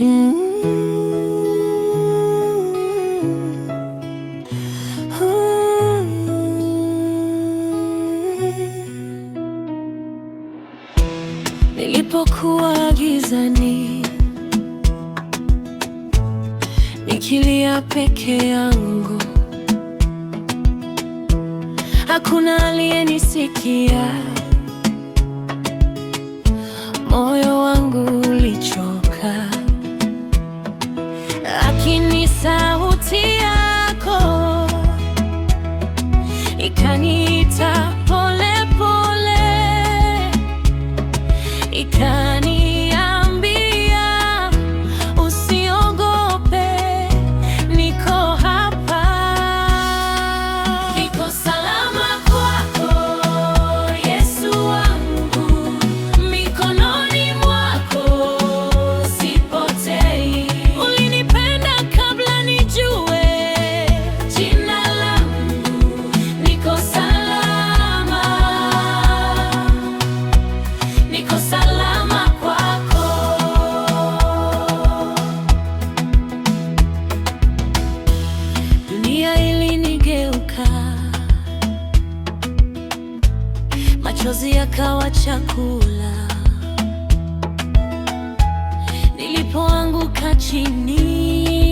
Mm-hmm. Nilipokuwa gizani nikilia peke yangu, hakuna aliyenisikia moyo Ikaniita pole pole, ikaniita machozi yakawa chakula. Nilipoanguka chini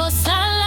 cosa